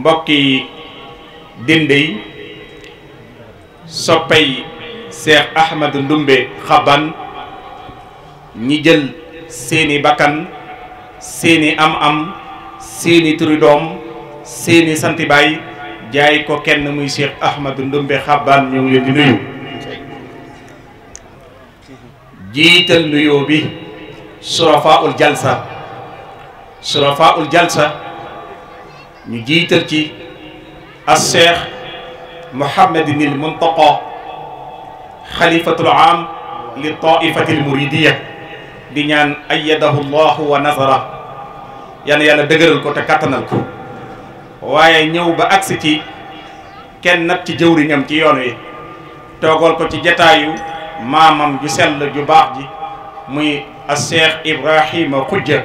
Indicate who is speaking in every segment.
Speaker 1: mbokki dinde yi soppay Cheikh Ahmadou Ndoumbe Xaban ñi jël seeni bakkan seeni am-am seeni turi seeni santi jaay ko kenn muy Cheikh Ahmadou Ndoumbe Xaban ñu leen di nuyu jiital nuyoo bi surafaul jalsa surafaul jalsa ñu jiital ci as cheikh Mouhamadinil Muntaqa xalifatul aam li taifatil muridiya di ñaan ayyadahu llahu wa nasara yan na yàlla dëgëral ko te kattanal ko waaye ñëw ba agsi ci kenn ci jëwriñam ci yoon wi toogal ko ci jataayu maamam ju sell ju baax ji muy a cheikh ibrahima xujja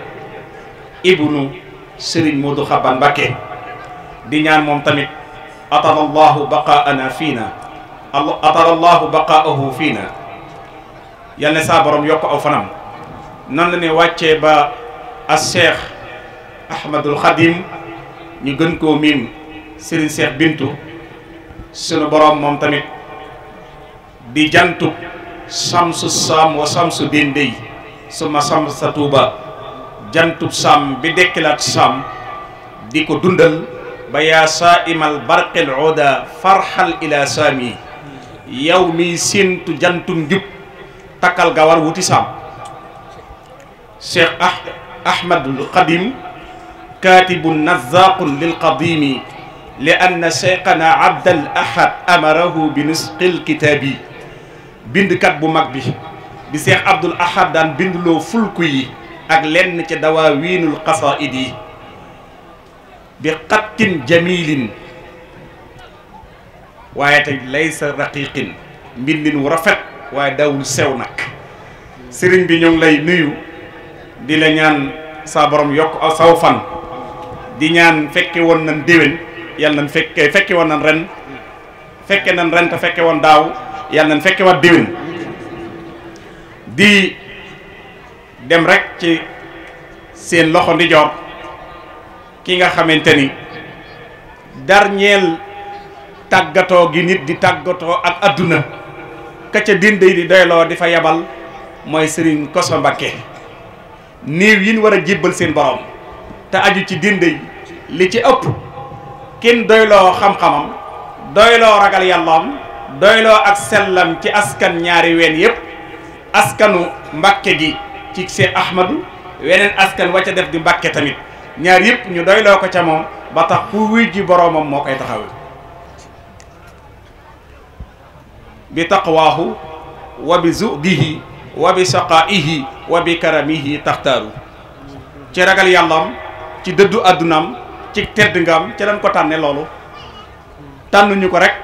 Speaker 1: ibnu sëriñ Modou Xaban di ñaan moom tamit atara allahu baqaana fiina atara allahu baqaahu fiina yal na saa borom yokk aw fanam nan la ne wàccee ba a cheikh ahmadul xadim ñu gën koo miim sëriñ cheikh bintu sunu borom moom tamit di jantub samsu saam wa samsu din day suma sa tuuba jantub saam bi dekkilaat saam di ko dundal ba yaa saaimal barqil oda farxal ila saami yow miy séentu jantum jub takkal gawar wuti saam cheikh ah ahmadul qadim katibun nazaqun lil qadimi li anna cheikhana abdal ahad amarahu bi nisqil kitaabi bindkat bu mag bi bi cheikh abdul ahad daan bindloo fulku yi ak lenn ci dawaa wiinul qasaid yi bi xattin jamilin waaye te laysa raqiqin mbindin wu rafet waaye dawul sew nag sëriñ bi ñu ngi lay nuyu di la ñaan saa borom yokk aw saw fan di ñaan fekke woon nan déwén yàlla nañ fekke fekke woon nan ren fekke nan ren te fekke woon daaw yàlla nañ fekke waat déwén di dem rek ci seen loxo ndijoor ki nga xamante ni darñeel tàggatoo gi nit di tàggatoo ak àdduna ka ca dinde di doyloo di fa yabal mooy sëriñ Koso Mbakke néew yi war a jébbal seen borom te aju ci dinde li ci ëpp kenn doyloo xam-xamam doyloo ragal yàllaam doyloo ak sellam ci askan ñaari ween yépp askanu Mbakke gi ci Cheikh Ahmadu weneen askan wa ca def di Mbakke tamit ñaar yëpp ñu doyloo ko ca moom ba tax ku wuy ji boroomam moo koy taxawee bi taqwaahu wa bi zudihi wa bi saqaihi wa bi karamihi taxtaaru ci ragal yàllam ci dëddu àddunaam ci tedd ngam ci lañ ko tànne loolu tànnuñu ko rek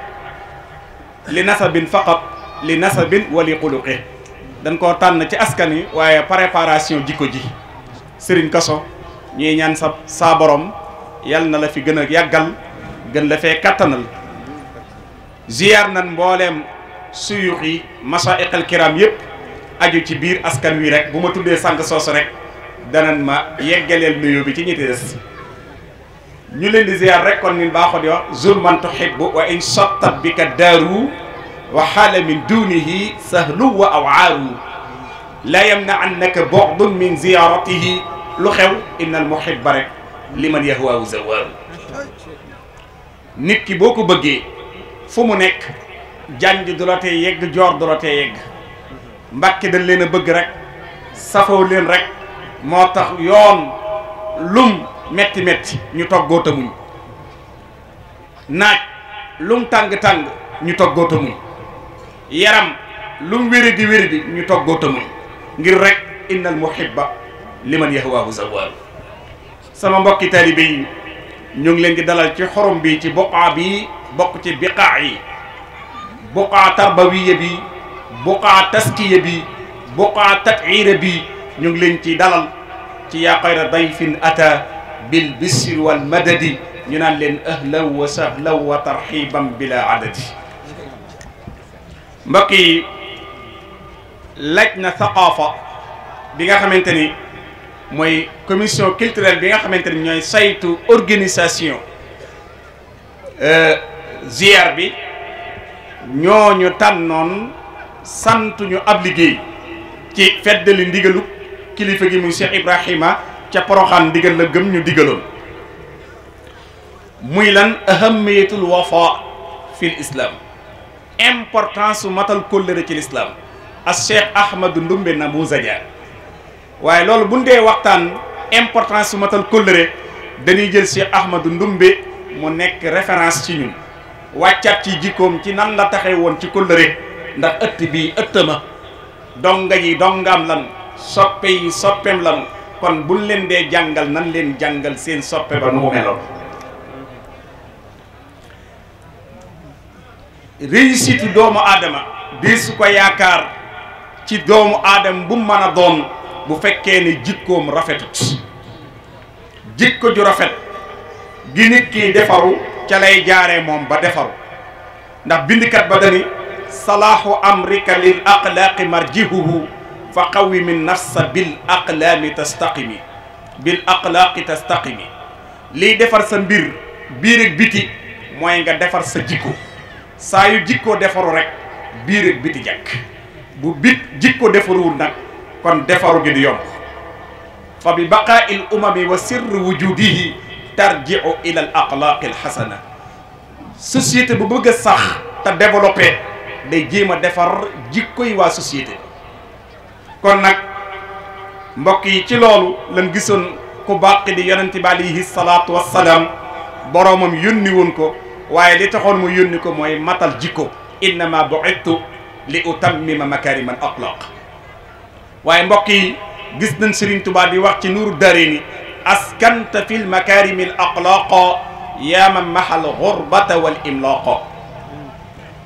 Speaker 1: li nasabin faqat li nasabin wali xuluqi dañ koo tànn ci askan wi waaye préparation jikko ji sëriñ kaso ñuy ñaan sa saa borom yal na la fi gën a yàggal gën la fee kattanal ziyaar nan mbooleem suyux yi kiram yëpp aju ci biir askan wi rek bu ma tuddee sànq soosu rek danan ma yeggaleel nuyu bi ci ñi des ñu leen di ziyaar rek kon min baaxoo di wax zur man tuhibbu wa in bi ka daaru wa xaala min dunihi sahlu wa awaaru la yamna annaka bu'dun min ziyaratihi lu xew innal muhibba rek liman yahwaahu zawaaru nit ki boo ko bëggee fu mu nekk jànj du la tee yegg joor du la tee yegg mbàkke dañ leen a bëgg rek safoo leen rek moo tax yoon lum metti metti ñu toggoo tamuñ naaj lum tàng-tàng ñu toggoo tamuñ yaram lum wéri di ñu toggoo tamuñ ngir rek innal muhibba liman yahwaahu zawaalu sama mbokki taalibe yi ñu ngi leen di dalal ci xorom bi ci boqaa bi bokk ci biqaa yi boqaa tarbawiya bi boqaa taskiya bi boqaa ngi leen ci dalal ci yaa xayra dayfin ata bil bisri wal madadi ñu naan leen ahlan wa bila adadi mbokk yi laaj na saqaafa bi nga xamante mooy commission culturelle bi nga xamante ni ñooy saytu organisation euh, ziar bi ñoo ñu tànnoon sant ñu ab liggéey ci feddali ndigalu kilifa gi muy Cheikh Ibrahima ca Poroxaan ndigal la gëm ñu digaloon muy lan ahamiyatul wafa fil islam importance su matal kóllëre ci l'islam ak Cheikh Ahmadou Ndumbe na mu waaye loolu bu ñu dee waxtaan importance su matal kóllëre dañuy jël si Ahmadou Ndoumbé mu nekk référence ci ñun wàccaat ci jikkoom ci nan la taxee woon ci kóllëre ndax ëtt bii ëttama donga yi dongaam lan soppe yi soppeem lan kon buñ leen dee jàngal nan leen jàngal seen soppe ba mu meloon réussite doomu aadama di su ko yaakaar ci doomu aadama bu mën a doon bu fekkee ne jikkoom rafetut jikko ju rafet gi nit kii defaru ca lay jaaree moom ba defaru ndax bindikat ba dani salaahu amrika lil axlaaqi marjihuhu fa qawi min nafsa bil aqlaami tastaqimi bil axlaaqi tastaqimi liy defar sa mbir biir ak biti mooy nga defar sa jikko saa yu jikkoo defaru rek biir ak biti jàkk bu bit jikko defaruwul nag kon defaru gi du yomb fa bi baqaai l umami wa sirr wujudihi tarjiu ila al axlaaqi al xasana société bu bëgg a sax te développé day jéem a defar jikkoy waa société kon nag mbokk yi ci loolu lan gisoon ku bàqi di yonente bi alayhi salaatu wassalaam boroomam yónni woon ko waaye li taxoon mu yónni ko mooy matal jikko innama bu'ithtu li utammima makarimal axlaaq waaye mbokk yi gis nañ Serigne tubaab di wax ci nuuru darini askanta fil makarimi l axlaqa yaa man mahal xurbata wal imlaqa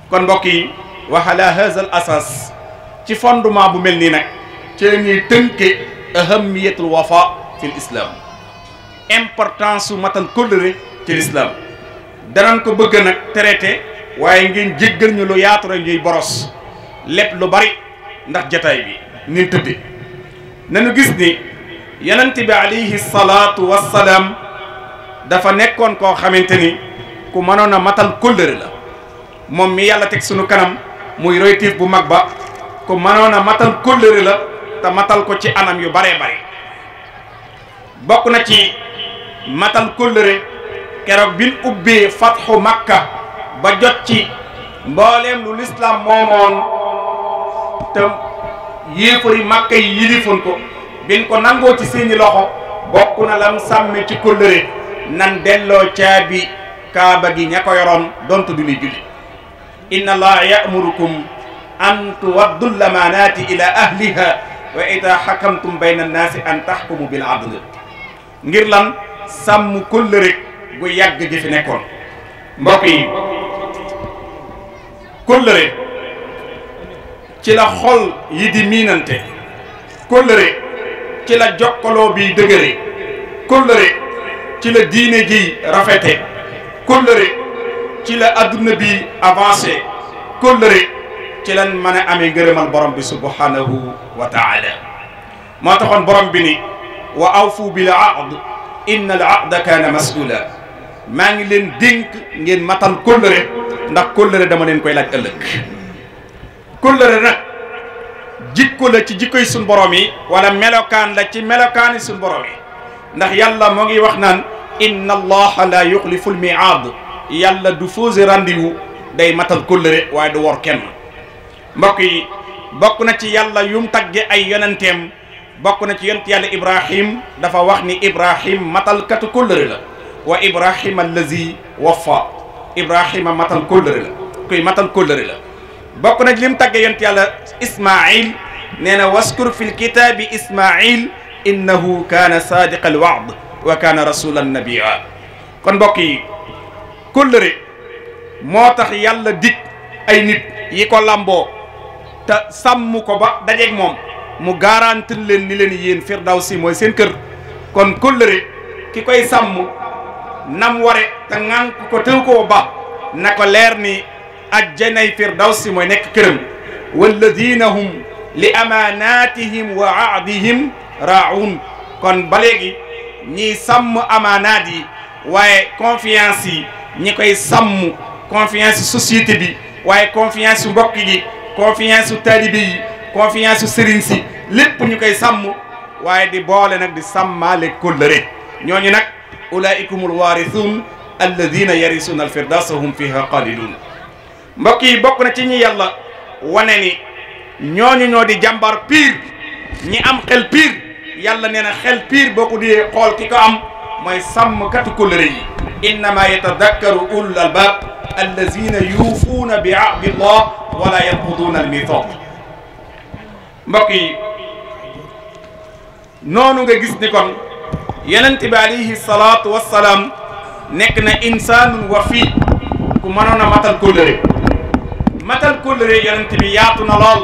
Speaker 1: kon mbokk yi waxala haza al ci fondement bu mel nii nag ci la ñuy tënke ahamiyatul wafa fi l importance su matal kóllëre ci l'islam danañ ko bëgg nag traité waaye ngeen jéggal ñu lu yaatu rek ñuy boros lépp lu bari ndax jataay bi ni tëdde nañu gis ni yonent bi alayhi salaatu wassalaam dafa nekkoon koo xamante ni ku mënoon a matal kóllëre la moom mi yàlla teg sunu kanam muy roytiif bu mag ba ku mënoon a matal kóllëre la te matal ko ci anam yu baree bare bokk na ci matal kóllëre keroog bin ubbee fatxu makka ba jot ci mbooleem lu lislaam moomoon te yéefari màkka yi yilifoon ko bin ko nangoo ci seeni loxo bokk na lam sàmme ci kóllëre nan delloo caabi kaaba gi ña ko yoroon dontu du ni julli inna allaha ya'murukum an tuwaddu lamaanaati ila ahliha wa ida xakamtum an taxkumu bil adl ngir lan sàmm kóllëre gu yàgg gi fi nekkoon mbokk yi ci la xol yi di miinante kóllëre ci la jokkaloo bi dëgëre kóllëre ci la diine ji rafete kóllëre ci la adduna bi avancé kóllëre ci lan mën a amee ngërëmal borom bi subhanahu wa taala moo taxoon borom bi ni wa awfu bil ahd inna al ahda kaana mas'ula maa ngi leen dénk ngeen matal kóllëre ndax kóllëre dama leen koy laaj ëllëg kóllëre nag jikko la ci jikkoy suñ borom yi wala melokaan la ci melokaan suñ borom yi ndax yalla moo ngi wax naan inna allaha la yuxlifu l miaad yàlla du fausé rendez-vous day matal kóllëre waaye du wor kenn mbokk yi bokk na ci yàlla yum tagge ay yonenteem bokk na ci yonent yàlla ibrahim dafa wax ni ibrahim matalkatu kóllëre la wa ibrahima allazi waffa ibrahima matal kóllëre la kuy matal kóllëre la bokk na lim tàgge yonent yàlla ismail nee na waskur fi lkitaabi ismail innahu kaana saadiqa alwaad wa kaana rasulan nabiyya kon mbokk yi kóllëre moo tax yàlla dig ay nit yi ko lamboo te sàmm ko ba dajeeg moom mu garantir leen ni leen yéen si mooy seen kër kon kóllëre ki koy sàmm nam ware te ko tëw koo ba na ko leer ni ajjanay firdawsi mooy nekk këram walladina hum li amaanatihim wa ahdihim raun kon ba léegi ñiy sàmm amaanaat yi waaye confiance yi ñi koy sàmm confiance société bi waaye confiance su mbokk yi confiance su taalibe yi confiance su sëriñ si lépp ñu koy sàmm waaye di boole nag di sàmmaale kóllëre ñooñu nag ulaikumul waarithun alladina yarisuna alfirdawsa hum fiha xaalidun mbokk yi bokk na ci ñi yàlla wane ni ñooñu ñoo di jàmbar pire ñi am xel pire yàlla nee na xel pire boo ko dee xool ki ko am mooy sàmmkatu kóllëre yi innama yatadakkaru ulul albab allazina yuufuuna bi ahdillah wala yanquduuna almithaq mbokk yi noonu nga gis ni kon yenent bi alayhi salaatu wassalaam nekk na insaanun wafi ku mënoon a matal kóllëre matal kóllëre yonent bi yaatu na lool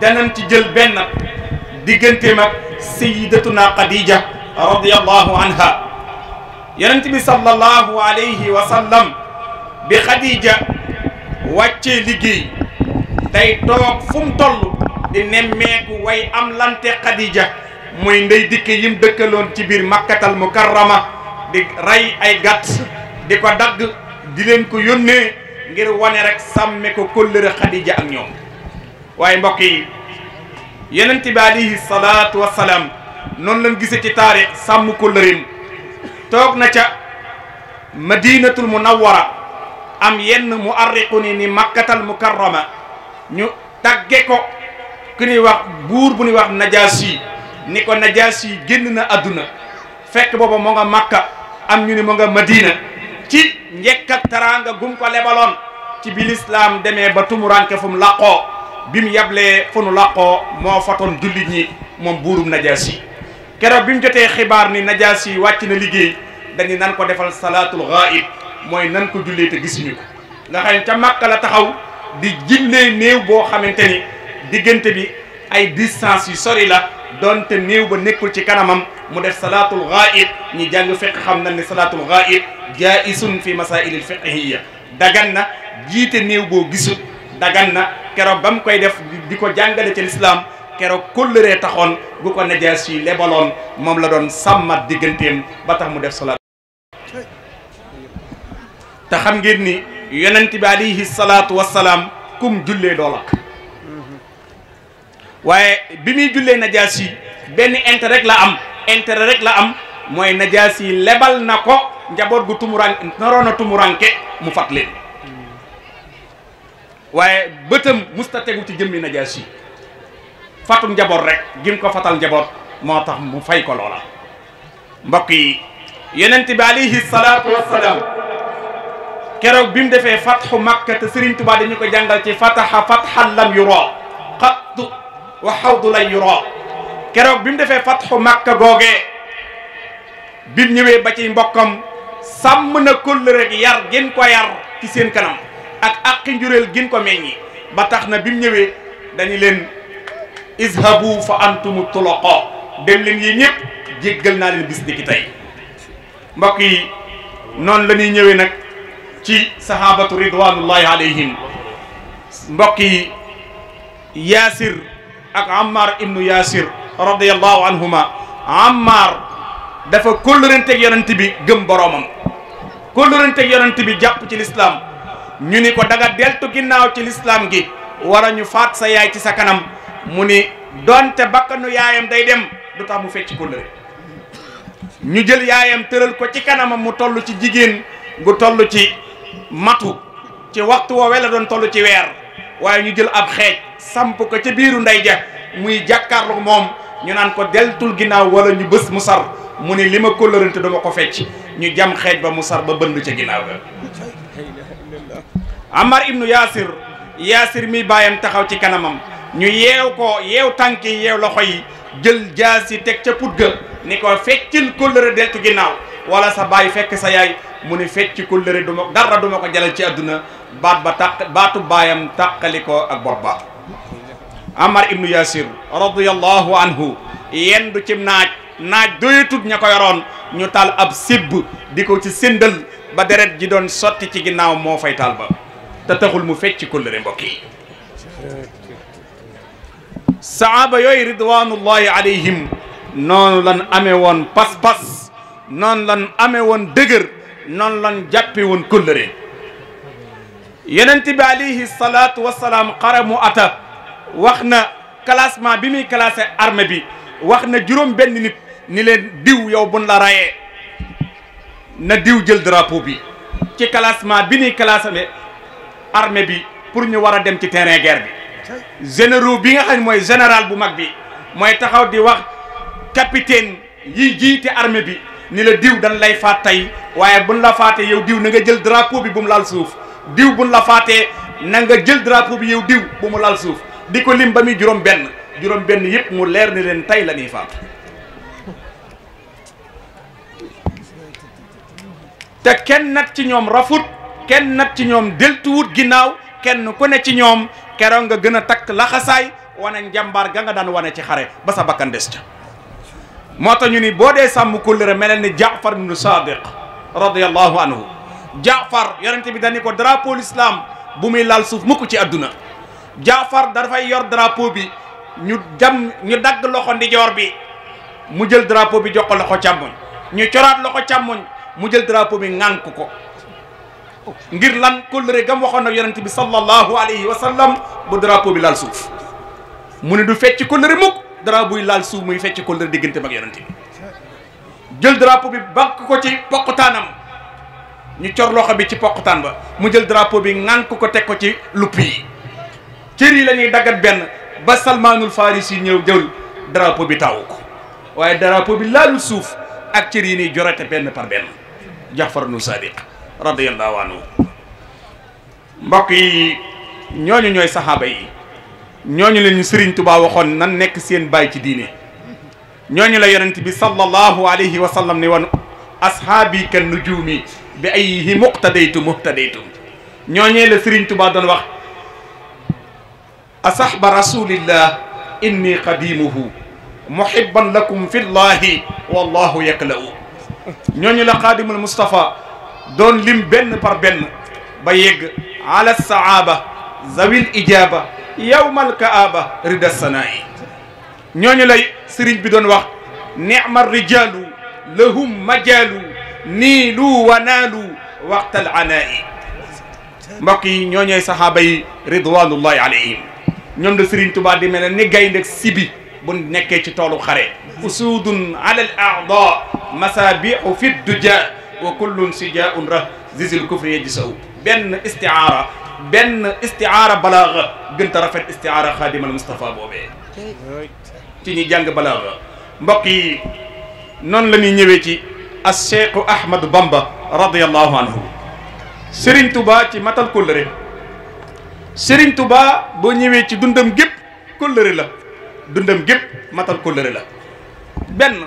Speaker 1: danañ ci jël benn digganteem ak sayyidatuna Khadija radiyallahu anha yonent bi sallallahu alayhi bi Khadija wàccee liggéey day toog fu mu di nemmeeku way am lante Khadija ndey dikke yim dëkkaloon ci biir màkkatal mukarrama di rey ay gàtt di ko dagg di leen ko yónnee ngir wane rek sàmme ko kóllëre xadija ak ñoom waaye mbokk yi yonent bi alayhi salaatu wasalaam noonu lañ gise ci taarix sàmm kóllëreem toog na ca madinatul munawwara am yenn mu arriqu ni ni makkatal mukarrama ñu tàgge ko ku ñuy wax buur bu ñuy wax najaasi ni ko najaasi génn na àdduna fekk booba moo nga makka am ñu ni moo nga madina ci njekkat taraanga gum ko lebaloon ci bi lislaam demee ba tumuranke fu mu bi mu yablee fu nu làqoo moo fatoon jullit ñi moom buurum najaasi keroog bi mu jotee xibaar ni najaasi wàcc na liggéey dañuy nan ko defal salaatul ghaib mooy nan ko jullee te gisuñu ko nga xam ca Makka la taxaw di jillee néew boo xamante ni diggante bi ay distance yu sori la donte néew ba nekkul ci kanamam mu def salaatul ghaib ñi jàng fiq xam nañ ne salaatul ghaib jaisun fi masailil fiqhiyya dagan na jiite néew boo gisut dagan na keroog ba koy def di ko jàngale ci lislaam keroog kóllëree taxoon gu ko najaas lebaloon moom la doon sàmmat digganteem ba tax mu def salaat te xam ngeen ni yonent bi alayhi salaatu wassalaam kum jullee doolak waaye bi muy jullee najaas yi benn intérêt rek la am intérêt rek la am mooy najaas yi lebal na ko njaboot gu tumuran naroon a tumuranke mu fat leen waaye bëtëm musta tegu ci jëmmi najaas yi fatu njaboot rek gim ko fatal njaboot moo tax mu fay ko loola mbokk yi yonent bi alayhi salaatu keroog bi mu defee fatxu makka te Sëriñ Tuubaa dañu ko jàngal ci fataxa fatxan lam yura qattu wa xawdu lan keroog bi mu defee fatxu màkka googee bi mu ñëwee ba ci mbokkam sàmm na kóllëre yar gën ko yar ci seen kanam ak aqi njuréel gën ko meññi ba tax na bi mu ñëwee dañu leen izhabu fa antumu tulaqa dem leen yi ñëpp jéggal naa leen bis tey mbokk yi noonu la ñëwee nag ci sahabatu ridwanullahi alayhim mbokk yi yaasir ak Ammar ibnu Yaasir radiyallahu anhuma Ammar dafa kóllëranteeg yonent bi gëm boroomam kóllëranteeg yonent bi jàpp ci lislaam ñu ni ko da nga deltu ginnaaw ci lislaam gi war a ñu faat sa yaay ci sa kanam mu ni donte bakkanu yaayam day dem du tax mu fecc kóllëre ñu jël yaayam tëral ko ci kanamam mu toll ci jigéen gu toll ci matu ci waxtu woowee la doon toll ci weer waaye ñu jël ab xeej samp ko ca biiru ndey ja muy jàkkaarlu moom ñu naan ko deltul ginnaaw wala ñu bës mu sar mu ne li ma kóllërante dama ko fecc ñu jam xeej ba mu sar ba bënd ca ginnaaw ga Ammar ibnu Yaasir Yaasir mi bàyyam taxaw ci kanamam ñu yeew ko yeew tànk yi yeew loxo yi jël jaas yi teg ca put ga ni ko feccil kóllëre deltu ginnaaw wala sa baay fekk sa yaay mu ne fecc kóllëre du ma dara du ma ko jalal ci àdduna baat ba tàq baatu baayam tàqali ko ak bopp ba amar ibnu yasir radiyallahu anhu yendu ci naaj naaj doyatut ña ko yoroon ñu taal ab sibb di ko ci sëndal ba deret ji doon sotti ci ginnaaw moo fay taal ba te texul mu fecc kóllëre mbokk yi yooyu ridwanullahi alayhim noonu lan amee woon pas-pas noonu lan amee woon dëgër noonu lan jàppe woon kóllëre yenent bi alayhi salaatu wasalaam xaramu ata wax na classement bi muy classé armée bi wax na juróom benn nit ni leen diw yow bun la rayee na diw jël drapeau bi ci classement bi ñuy classé armée bi pour ñu war a dem ci terrain guerre bi généraux bi nga xam mooy général bu mag bi mooy taxaw di wax capitaine yi jiite armée bi ni la diw dañ lay faat tey waaye buñ la faatee yow diw na nga jël drapeau bi bu mu laal suuf diw buñ la faatee na nga jël drapeau bi yow diw bu mu laal suuf di ko lim ba muy juróom benn juróom benn yëpp mu leer ni leen tey la ñuy faatu te kenn nag ci ñoom rafut kenn nag ci ñoom deltuwut ginnaaw kenn ku ne ci ñoom keroog nga gën a takk laxasaay wane njàmbaar ga nga daan wane ci xare ba sa bakkan ca moo tax ñu ni boo dee sàmm kóllëre melal ni jaafar ibnu sadiq radiallahu anhu jaafar yonente bi dañu ko drapeau l'islam bu muy laal suuf mukk ci àdduna jaafar dafay yor drapeau bi ñu jam ñu dagg loxo ndijoor bi mu jël drapeau bi jox ko loxo càmmoñ ñu coraat loxo càmmoñ mu jël drapeau bi ŋànk ko ngir lan kóllëre gam waxoon na yonente bi sallallahu alayhi wa sallam bu drapeau bi laal suuf mu ne du fecc kóllëre mukk dara buy laal suuf muy fecc ko la diggante mag yonent bi jël drapeau bi bank ko ci poqutaanam ñu cor loxo bi ci poqutaan ba mu jël drapeau bi ŋànk ko teg ko ci lupp yi cër yi lañuy daggat benn ba salmaanul farisi yi ñëw jël drapeau bi taawu ko waaye drapeau bi laalul suuf ak cër yi nii jorete benn par benn Jaafar nu Sadiq radiyallahu anhu mbokk yi ñooñu ñooy saxaaba yi ñooñu la ñu Serigne Touba waxoon nan nekk seen bay ci diine ñooñu la yonent bi sallallahu alayhi wa sallam ne woon ashaabi kan nujuumi bi ayyihi muqtadaytu muhtadaytum ñooñee la Serigne Touba doon wax asahba rasulillah inni qadimuhu muhibban lakum fi llahi wallahu yakla'u ñooñu la xaadimul Moustapha doon lim benn par benn ala saaba zawil ijaaba yawmal kaaba rida sanaa'i ñooñu lay sëriñ bi doon wax ni'ma rijaalu lahum majaalu niilu wa naalu waqtal anaa'i mbokk yi ñoo ñooy saxaaba yi ridwanullahi alayhim ñoom la sëriñ Tuubaa di mel ni gaynde sibi bu nekkee ci toolu xare usudun ala al aada masabihu fi duja wa kullun sijaun rah zizil kufri yajisaw benn istiaara ben istiaara balaaxa gën ta rafet istiaara xaadimal Moustapha boobee ci ñi jàng balaaxa mbokk yi noonu la ñuy ñëwee ci al cheikhu Ahmadu Bamba radiallahu anhu Serigne Touba ci matal kóllëre Serigne Touba boo ñëwee ci dundam gépp kóllëre la dundam gépp matal kóllëre la benn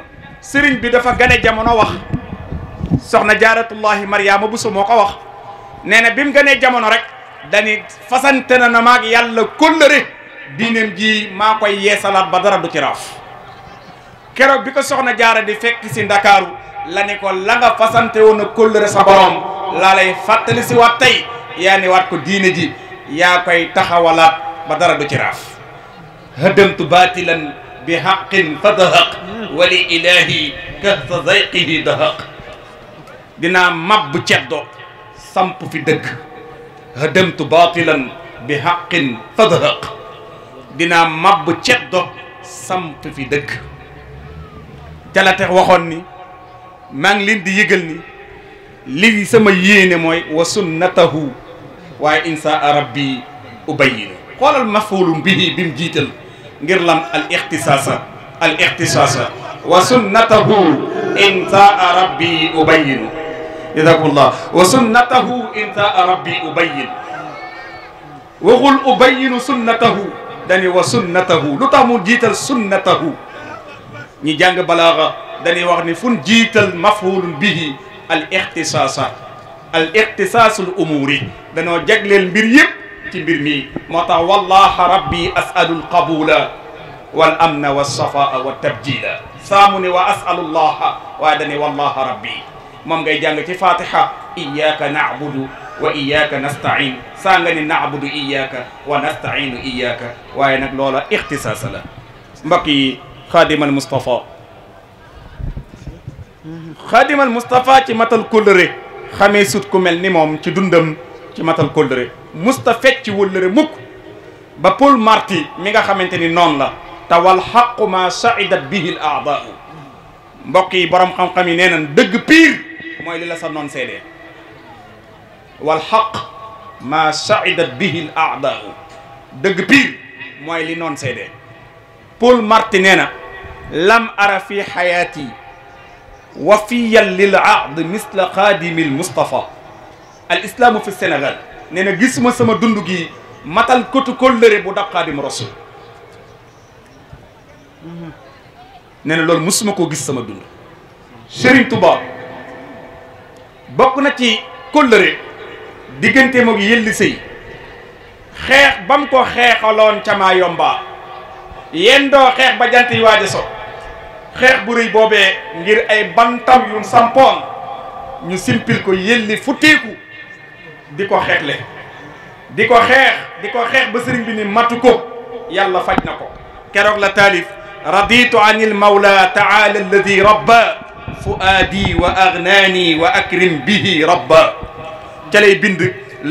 Speaker 1: Serigne bi dafa gane jamono wax na jaaratullahi Mariama Bousso moo ko wax nee na bi mu rek dani fasante na na maag yàlla kóllëre diineem ji maa koy yeesalaat ba dara du ci raaf keroog bi soxna jaara di fekk si ndakaaru la ne ko la nga fasante woon a kóllëre sa borom laa fàttali si waat tey yaa ni ko diine ji yaa koy taxawalaat ba dara du ci raaf hadamtu bi haqin fa dahaq wali ilahi kahta zayqihi dahaq dinaa mabbu ceddo samp fi dëgg hadamtu baatilan bi haqin fadhaq dinaa màbb ceddo samt fi dëkk jalatex waxoon ni maa ngi leen di yëgal ni li sama yéene mooy wa sunnatahu waaye insaa rabbi ubayinu xoolal mafulum bihi bi mu jiital ngir lam al ixtisaasa al ixtisaasa wa sunnatahu insaa rabbi ubayinu jazaakumullah wa sunnatahu intaa rabbi ubayyin waxul ubayyinu sunnatahu dani wa sunnatahu lu tax mu jiital sunnatahu ñi jàng balaaxa dañuy wax ni fun jiital mafhulun bihi al ixtisaasa al ixtisaasul umuuri danoo jagleel mbir yëpp ci mbir mi moo tax wallaha rabbi asalu alqabula wal amna wa safaa wa tabjila saamu ne wa asalullaha waaye dani wallaha rabbi moom ngay jàng ci fatiha iyyaka na'budu wa iyyaka nasta'in saa nga ni na'budu iyyaka wa nasta'inu iyyaka waaye nag loola ixtisaasa la mbokk yi xaadimal Mustafa xaadimal Mustafa ci matal kóllëre xamee sut ku mel ni moom ci dundam ci matal kóllëre musta fecc wóllëre mukk ba Paul Marty mi nga xamante ni noonu la te wal xaqu ma saidat bihi l aadaau mbokk yi borom xam-xam yi nee nañ dëgg piir mooy li la sa noon seedee wal xaq maa saidat bihi l aadaau dëgg piir mooy li noon seedee Paul Marty nee na lam ara fi xayaati wafiyan lil aad misla xaadimil Mustafa al islaamu fi Sénégal nee na gisuma sama dund gi matal kotu kóllëre bu dab xaadim rasul mhm. nee na loolu musuma koo gis sama dund Serigne Touba bokk na ci kóllëre diggante moog yëlli sëy xeex ba mu ko xeexaloon ca maa yomba yenn xeex ba jant yi waaj xeex bu rëy boobee ngir ay bantam yu sampoon ñu simpil ko yëlli futteeku di ko xeexle di ko xeex di ko xeex ba sëriñ bi ni matu ko yàlla faj na ko keroog la taalif raditu anil mawla taala alladi rabba fuaadi wa agnaani wa akrim bihi rabba ca lay bind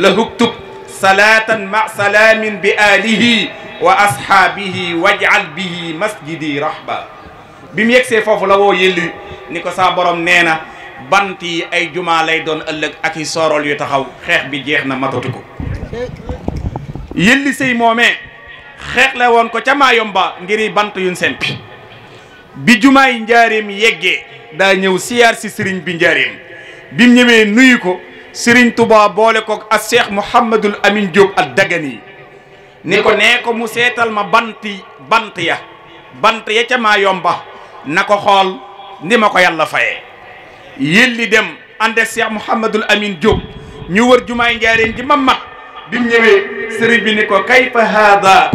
Speaker 1: la huktub salaatan ma salaamin bi alihi wa ashaabihi wajal bihi masjidi rahba bi mu yegsee foofu la woo yëlli ni ko saa borom nee na bant ay jumaa lay doon ëllëg ak i soorol yu taxaw xeex bi jeex na matatu ko yëlli sëy xeex la woon ko ca maayomba ngiri bant yuñ sempi bi jumaay njaareem yeggee daa ñëw siyaar si sëriñ bi njaareem bi mu ñëwee nuyu ko sëriñ Touba boole ko ak Cheikh Mouhamadul Amin Diop ak Dagani ni ko nee ko mu seetal ma bant ya bant ya ca maa yomba na ko xool ni ma ko yàlla fayee yëlli dem ànd ak Cheikh Mouhamadul Amin Diop ñu wër jumaay njaareem ji ma mat bi mu ñëwee bi ni ko kayfa haada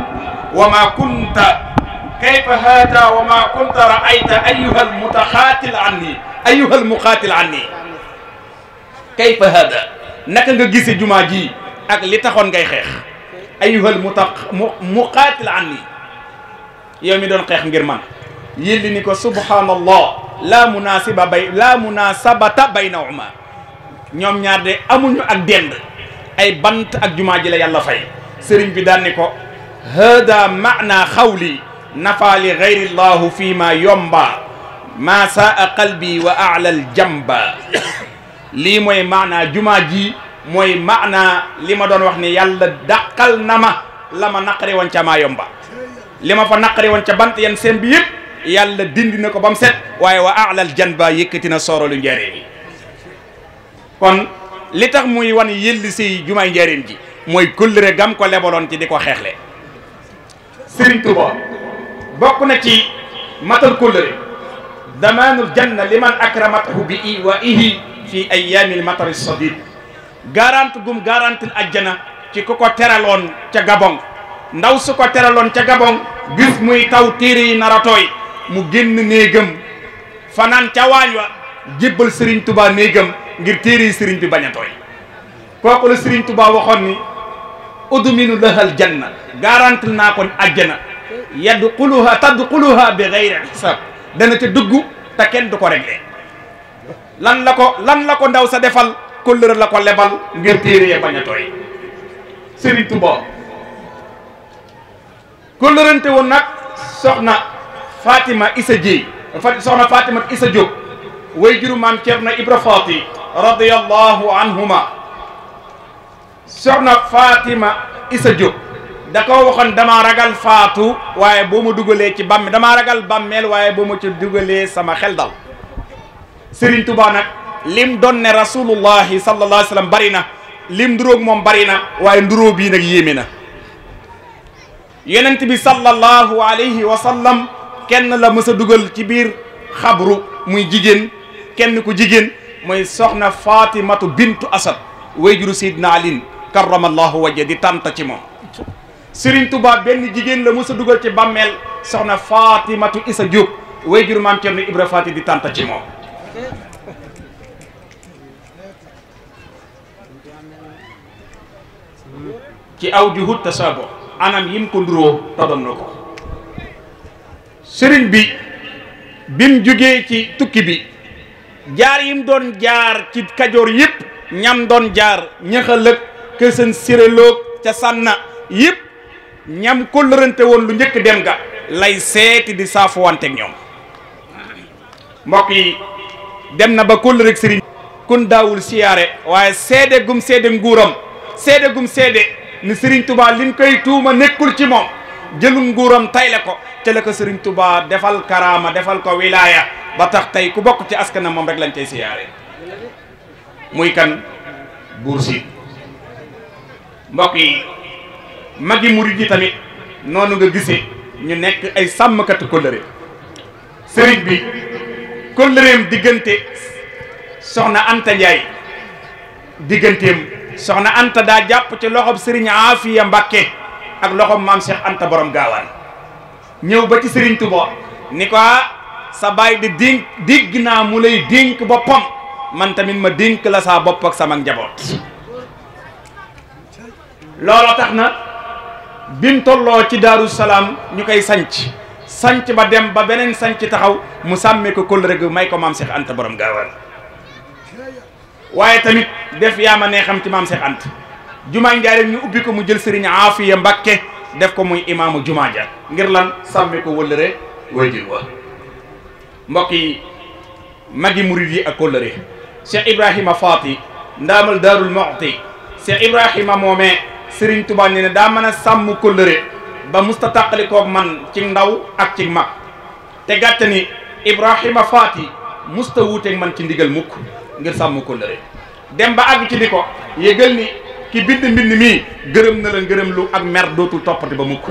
Speaker 1: wa ma kunta kayfa haata wa ma kunta raayta ayuha almutaxaatil anni ayuha almuqaatil anni kayfa haata naka nga gise jumaa ji ak li taxoon ngay xeex ayuha almuta muqaatil anni yow mi doon xeex ngir man yilli ni ko subhaanallah laa munaasiba bay laa munaasabata baynahuma ñoom ñaar de amuñu ak dend ay bant ak jumaa ji la yàlla fay sëriñ bi daan ni ko hada maana xawli nafa li gayri llahu ma yomba ma saa qalbi wa alal jamba lii mooy maanaa jumaa ji mooy ma li ma doon wax ni yàlla dàqal na ma la ma naqari woon ca maa yomba li ma fa naqari woon ca bant yan seen bi yëpp yàlla dindi na ko bam set waaye wa alal jamba yëkkati na sooro lu njëriñ kon li tax muy wan yëlli si jumaay njëriñ ji mooy kóllëre gam ko lebaloon ci di ko xeexle bokk na ci matal kóllëre damaanul janna liman akramatahu bi i wa ihi fi ayaamil matari sadiq garante gum garantil ajjana ci ku ko teraloon ca gabon ndaw su ko teraloon ca gabon gis muy taw téere yi nara mu génn néegam fanaan ca waañ wa jébbal sëriñ tubaa néegam ngir téereyi yi sëriñ bi bañ a tooy kooku la sëriñ tubaa waxoon ni udminu lahal janna garantil naa ko ajjana yadxuluha tadxuluha bi gayri xisaab dana ca dugg te kenn du ko réglé lan la ko lan la ko ndaw sa defal kóllëre la ko lebal ngir téere ya bañ a tooy Sëriñ Tuubaa kóllërante woon nag soxna Fatima Isa Jéy soxna Fatima Isa Jóob way juru maam Ceerno Ibra Faati radiyallahu anhuma soxna Fatima Isa Jóob da koo waxoon damaa ragal faatu waaye boo ma dugalee ci bàmmeel damaa ragal bàmmeel waaye boo ma ci dugalee sama xel dal Serigne nag lim doon ne rasulullahi sallallahu alayhi wa sallam bari na lim nduróog moom bari na waaye nduróo bii nag yéeme na yonent bi sallallahu alayhi wa sallam kenn la mës dugal ci biir xabru muy jigéen kenn ku jigéen mooy soxna Fatimatu bintu Asad wayjuru Sidna Alin karramallahu wajha di tànta ci moom Serigne Touba benn jigéen la mos dugal ci bàmmeel soxna Fatimatu Isa Diop way jur maam Cerno Ibra Faati di tànta ci moom ci aw ji hut tasaabo anam yim ko nduróo toddoon na ko sëriñ bi bim jugee ci tukki bi jaar yim doon jaar ci kajoor yëpp ñam doon jaar ñaxalëg kësën sirélóog ca sànna yépp ñam ko lërante woon lu njëkk dem ga lay seeti di saafuwanteeg ñoom mbokk yi dem na ba kóllëre ak sëriñ kun daawul siyaare waaye seede gum seede nguuram seede gum seede ni sëriñ tubaa liñ koy tuuma nekkul ci moom jëlul nguuram tay la ko te ko sëriñ tubaa defal karaama defal ko wilaaya ba tax tey ku bokk ci askanam moom rek lañ cay siyaare muy kan buur si mbokk magi murid yi tamit noonu nga gisee ñu nekk ay sàmmkatu kóllëre sëriñ bi kóllëreem diggante soxna Anta Ndiaye digganteem soxna Anta daa jàpp ci loxob sëriñ Aafiya Mbàkke ak loxob maam Cheikh Anta borom gaawaan ñëw ba ci sëriñ Tuubaa ni ko ah, sa baay di dénk dégg naa mu lay dénk boppam man tamit ma dénk la saa bopp ak sama njaboot looloo tax na bim tolloo ci daaru salaam ñu koy sanc sanc ba dem ba beneen sanc taxaw mu sàmmee ko kóllëre gi may ko maam Cheikh Anta borom gaawaan waaye tamit def yaa ma neexam ci maam Cheikh Anta jumaa njaareem ñu ubbi ko mu jël sëriñ Aafiya mbakke def ko muy imaamu jumaa ja ngir lan sàmmee ko wëllëre wayjur wa mbokk yi magi murid yi ak kóllëre Cheikh Ibrahima Faati ndaamal daarul Muxti Cheikh Ibrahima moomee Serigne Touba ne ne daa mën a sàmm kóllëre ba musta tàqalikoog man ci ndaw ak ci mag te gàtt ni Ibrahima Faati musta wuuteeg man ci ndigal mukk ngir sàmm kóllëre dem ba àgg ci ni ko yëgal ni ki bind mbind mii gërëm na la ngërëm lu ak mer dootul toppati ba mukk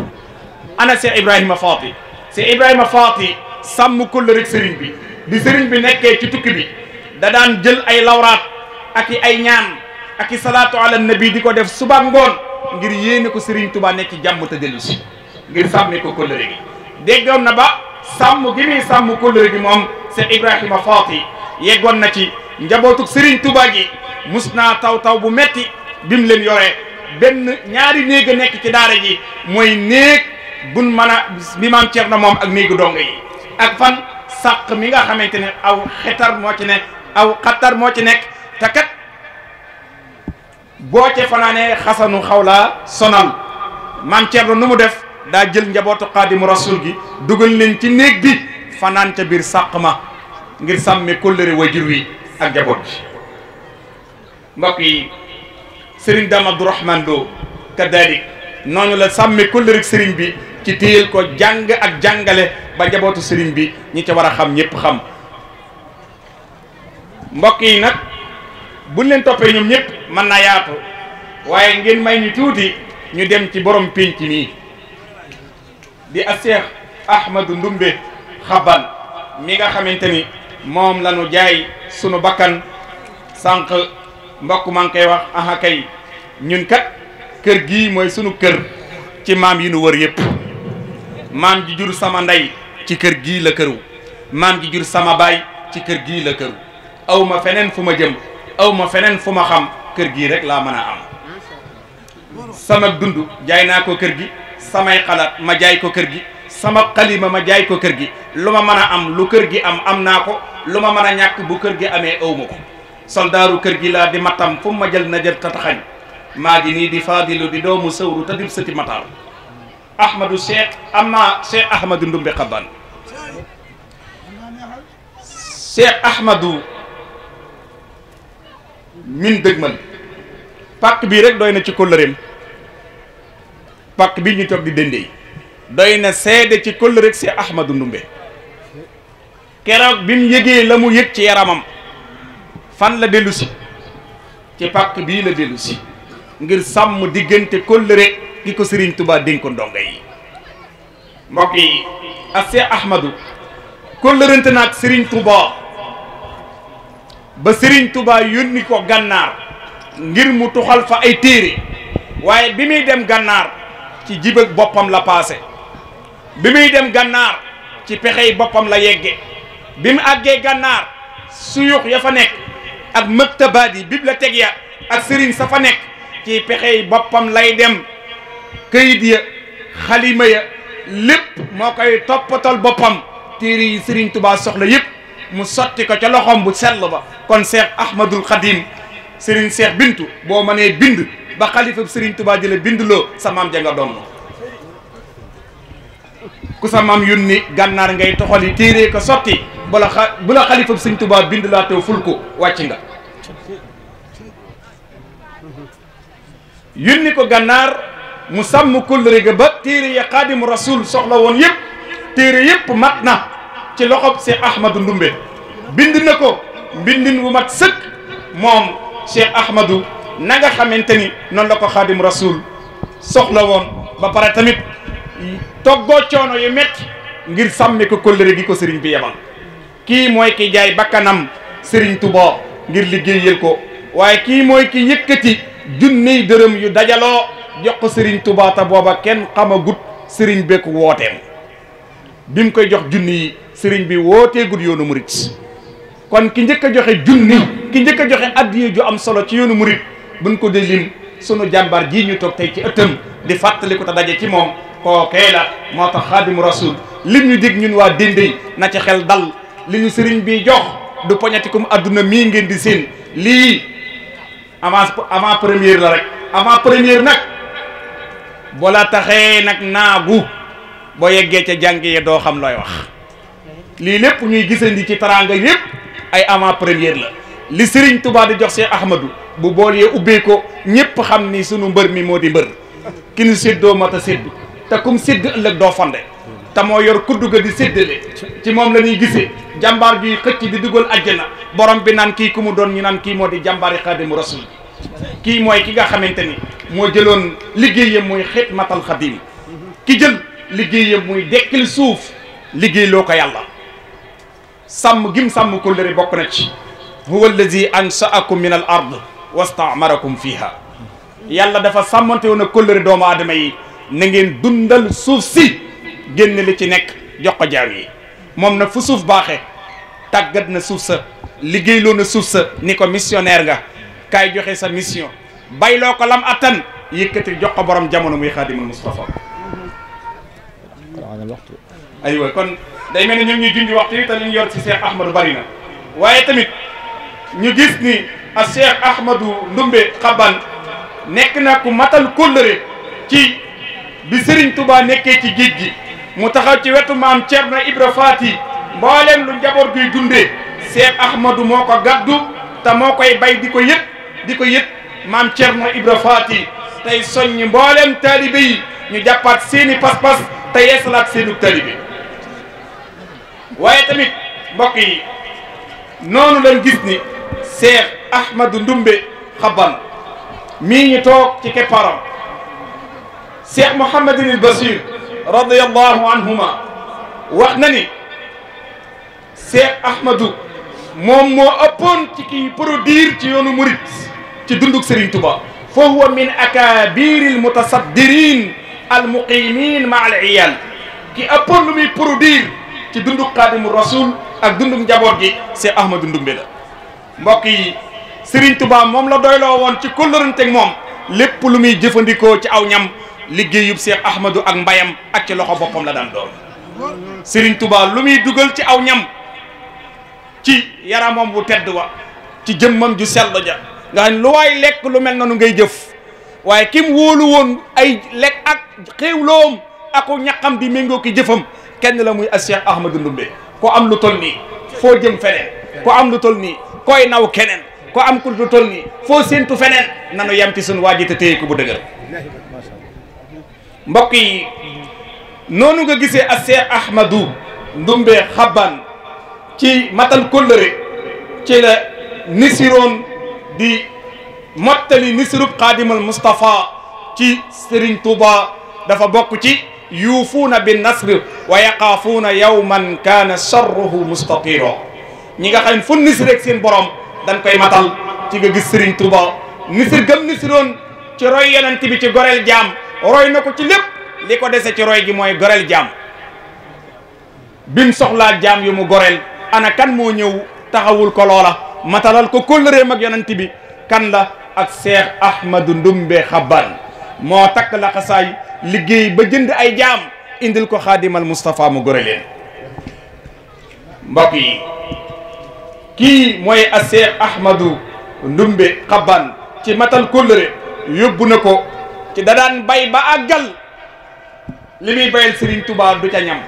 Speaker 1: ana Cheikh Ibrahima Faati Cheikh Ibrahima Faati sàmm kóllëre ak sëriñ bi di sëriñ bi nekkee ci tukki bi da daan jël ay lawraat ak i ay ñaan ak i salaatu ala nabi di ko def suba ngoon ngir yéene ko Serigne Touba nekk ci jàmm te dellu si ngir sàmmee ko kóllëre gi déggoon na ba sàmm gi muy sàmm kóllëre gi moom Cheikh Ibrahima Faati yeggoon na ci njabootug Serigne Touba gi mus naa taw taw bu metti bi mu leen yoree benn ñaari néeg a nekk ci daara ji mooy néeg buñ mën a bi maam na moom ak néegu dong yi ak fan sàq mi nga xamante ne aw xetar moo ci nekk aw xattar moo ci nekk te boo ci fanaanee xasanu xaw laa sonal maam Thierno nu mu def daa jël njabootu xaadimu rasul gi dugal leen ci néeg bi fanaan ca biir sàq ma ngir sàmmee kóllëre wajur wi ak njaboot bi mbokk yi sëriñ Dame Abdourahmane Lo kadalik noonu la sàmmee kóllëre sëriñ bi ci téyel ko jàng ak jàngale ba njabootu sëriñ bi ñi ca war a xam ñëpp xam mbokk yi nag buñ leen toppee ñoom ñëpp mën na yaatu waaye ngeen may ñu tuuti ñu dem ci borom pénc mii di a Seex Ahmadu Ndumbe Xaban mi nga xamante ni moom la ñu jaay sunu bakkan sànq mbokk maa ngi koy wax aha kay ñun kat kër gii mooy sunu kër ci maam yi nu wër yëpp maam ji jur sama ndey ci kër gii la këru maam ji jur sama baay ci kër gii la këru aw ma feneen fu ma jëm aw ma feneen fu ma xam kër gii rek laa mën a am sama dund jaay naa ko kër gi samay xalaat ma jaay ko kër gi sama xalima ma jaay ko kër gi lu ma mën a am lu kër gi am am naa ko lu ma mën a ñàkk bu kër gi amee awma ko soldaaru kër gi laa di mattam fu ma jël na jël ta taxañ maa gi nii di faadilu di doomu sëwru te dib sëti mataar ahmadou cheikh ama cheikh ahmadou ndumbe xaban cheikh ahmadou min dëgmal pàq bii rek doy na ci kóllëreem pàq bii ñu toog di dëndee doy na seede ci kóllëreeg si Ahmadou Ndumbe keroog bi mu yëgee la mu yëg ci yaramam fan la dellusi si ci pàq bii la dellusi si ngir sàmm diggante kóllëre gi ko Serigne tubaa dénkoon ndongo yi mbokk yi ak Cheikh Ahmadou kóllërante na ak Serigne Touba. ba Serigne Touba yónni ko gànnaar ngir mu tuxal fa ay téere waaye bi muy dem gànnaar ci jibëg boppam la paase bi muy dem gànnaar ci pexey boppam la yegge bi mu àggee gànnaar suyux ya fa nekk ak maktabaat yi bibliothèque ya ak sëriñ sa fa nekk ci pexey boppam lay dem këyit ya xalima ya lépp moo koy toppatal boppam téere yi Serigne Touba soxla yëpp mu sotti ko ca loxoom bu sell ba kon seex ahmadul xadim sëriñ seex bintu boo mënee bind ba xalifa sëriñ tubaa jële bind loo sa maam ja nga doon ku sa yunni gànnaar ngay toxali téere ko sotti bu la xa bu sëriñ tubaa bind laa teew ful ko wàcc nga yunni ko gànnaar mu sàmm kóllëre ga ba téere ya xaadimu rasul soxla woon yëpp téere yëpp mat na ci loxob Cheikh Ahmadou Ndumbe bind na ko mbindin bu mat sëkk moom Cheikh Ahmadou na nga xamante ni noonu la ko xaadim rasul soxla woon ba pare tamit toggoo coono yu métti ngir sàmme ko kóllëre gi ko sëriñ bi yebal kii mooy ki jaay bakkanam sëriñ Tuubaa ngir liggéeyal ko waaye kii mooy ki yëkkati junniy dërëm yu dajaloo jox ko sëriñ Tuubaa te booba kenn xamagut sëriñ beeku wooteem bi mu koy jox junni yi sëriñ bi wooteegul yoonu murit kon ki njëkk a joxe junni ki njëkk a joxe addiye ju am solo ci yoonu murit buñ ko dee lim sunu jàmbaar jii ñu toog tey ci ëttam di fàttali ko te daje ci moom kookee la moo tax xaadimu rasul lim ñu dig ñun waa Dendey na ci xel dal li ñu sëriñ bi jox du poñatikum àdduna mii ngeen di seen lii avant avant première la rek avant première nag bala taxee nag naagu boo yeggee ca jàngi ya doo xam looy wax lii lépp ñuy gisandi ci taraanga yépp ay avant première la li Serigne Touba di jox Cheikh Ahmadou bu bool yee ubbee ko ñépp xam ni sunu mbër mi moo di mbër ki nu séddoo mat a sédd te kum sédd ëllëg doo fonde te moo yor kudd ga di séddale ci moom la ñuy gisee jàmbaar juy xëcc di dugal àjjana borom bi naan kii ku mu doon ñu naan kii moo di jàmbaari xaadimu rasul kii mooy ki nga xamante ni moo jëloon liggéeyam mooy x xadim liggéeyam muy dekkil suuf liggéey loo ko yàlla sàmm gim sàmm kóllëre bokk na ci huwa allazi ansaakum min al ard wastaamarakum fiha yàlla dafa sàmmante woon a kóllëre doomu aadama yi na ngeen dundal suuf si génn li ci nekk jox ko jaam yi moom nag fu suuf baaxe tàggat na suuf sa liggéey loo na suuf sa ni ko missionnaire nga kaay joxe sa mission bay bayloo ko lam attan yëkkati jox ko borom jamono muy xaadimul Mustafa mooy waxtu aywa kon day mel ne ñoom ñu junj waxtu yi te li ñu yor ci Cheikh Ahmadou bari na waaye tamit ñu gis ni a Cheikh Ahmadou Ndumbe Xaban nekk na ku matal kóllëre ci bi Serigne Touba nekkee ci géej gi mu taxaw ci wetu maam Thierno Ibra Faati mbooleem lu njaboot guy dundee Cheikh Ahmadou moo ko gaddu te moo koy bay di ko yët di ko yët maam Thierno Ibra Faati tey soññ mbooleem taalibe yi ñu jàppaat seeni pas-pas te yeesalaat seenu taalibe waaye tamit mbokk yi noonu lañ gis ni Cheikh Ndumbe Xaban mii ñu toog ci kepparam Cheikh Mouhamadinil Basir radiyallahu anhuma wax na ni Cheikh Ahmadou moom moo ëppoon ci kii produire ci yoonu murit ci dunduk Serigne fa huwa min akabiril mutasaddirin almuqimin ma al iyal ki ëppoon lu muy produire ci dundu xaadimu rasul ak dundu njaboot gi c'est Ahmadou Ndoumbé la mbokk yi Serigne tubaa moom la doyloo woon ci kóllëranteeg moom lépp lu muy jëfandikoo ci aw ñam liggéeyub Cheikh Ahmadou ak mbayam ak ci loxo boppam la daan doon Serigne Touba lu muy dugal ci aw ñam ci yaramam wu tedd wa ci jëmmam ju sell ja nga xam lu waay lekk lu mel noonu ngay jëf waaye kim wóolu woon ay lekk ak xéewloom aku ñaqam di méngoo ki jëfam kenn la muy as Cheikh Ahmadou Ndoumbe ko am lu tol nii foo jëm feneen ko am lu tol nii koy naw keneen ko am ku lu tol nii foo séentu feneen nanu yamti suñu waa ji te téye ko bu dëgër mbokk yi noonu nga gisee as Cheikh Ahmadou Ndoumbe xaban ci matal kóllëre ci la nisiroon di mottali nisrub xaadimal Moustapha ci Serigne Touba dafa bokk ci yuufuuna bi nasr wa yaqaafuuna yawman kaana sharruhu mustatira ñi nga xam fu nisr rek seen borom dañ koy matal ci nga gis Serigne Touba nisr gëm nisroon ci roy yonent bi ci goreel jaam roy na ko ci lépp li ko dese ci roy gi mooy goreel jaam bim soxlaa jaam yu mu goreel ana kan moo ñëw taxawul ko loola matalal ko kóllëreem ak yonent bi kan la ak seex ahmadu ndumbe xabban moo takk la xasaay liggéey ba jënd ay jaam indil ko xaadimal Moustapha mu gore leen mbokk yi kii mooy a seex ahmadu ndumbe xabban ci matal kóllëre yóbbu na ko ci da daan bay ba àggal li muy bayal Serigne tubaab du ca ñam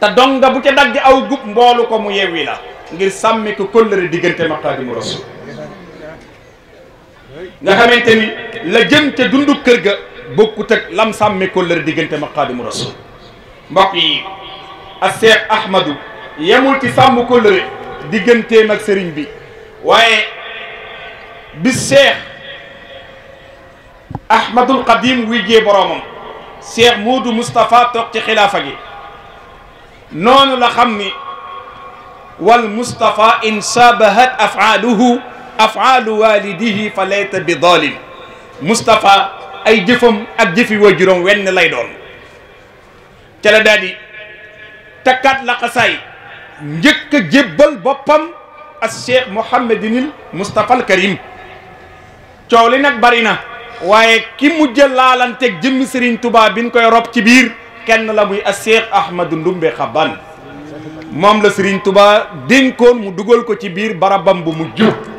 Speaker 1: te donga bu ca dagg aw gub mboolu ko mu yewwi la ngir sàmmi ko kóllëre diggante ma Xaadimu Rasuul nga xamante ni la jëm te dundu kër ga bokkut ak lam sàmme kóllëre diggante ma xaadimu rasul mbokk yi a Seex Ahmadu yemul ci sàmm kóllëre digganteem ak sëriñ bi waaye bi Seex Ahmadul Xadim wuy jee boroomam Seex Muudu Moustapha toog ci xilaafa gi noonu la xam ni wal Moustapha in sabahat afaaluhu afaalu waalidihi fa layta bi daalim Moustapha ay jëfam ak jëfi waajuram wenn lay doon ca la daal di takkaat njëkk jébbal boppam ak Cheikh Mouhamadinil Moustapha al Karim coow li nag bari na waaye ki mujj laalanteeg jëmmi Serigne Touba bi ñu koy rob ci biir kenn la muy ak Cheikh Ndumbe Xaban moom la Serigne Touba dénkoon mu dugal ko ci biir barabam bu mujj.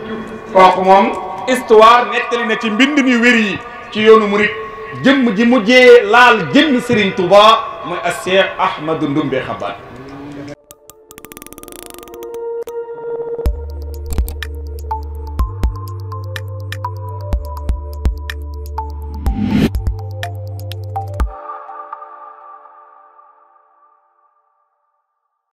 Speaker 1: kooku moom histoire nettali na ci mbind mi wér ci yoonu murit jëmm ji mujjee laal jëmm Serigne Touba mooy as Cheikh Ahmadou Ndoumbe Xabaat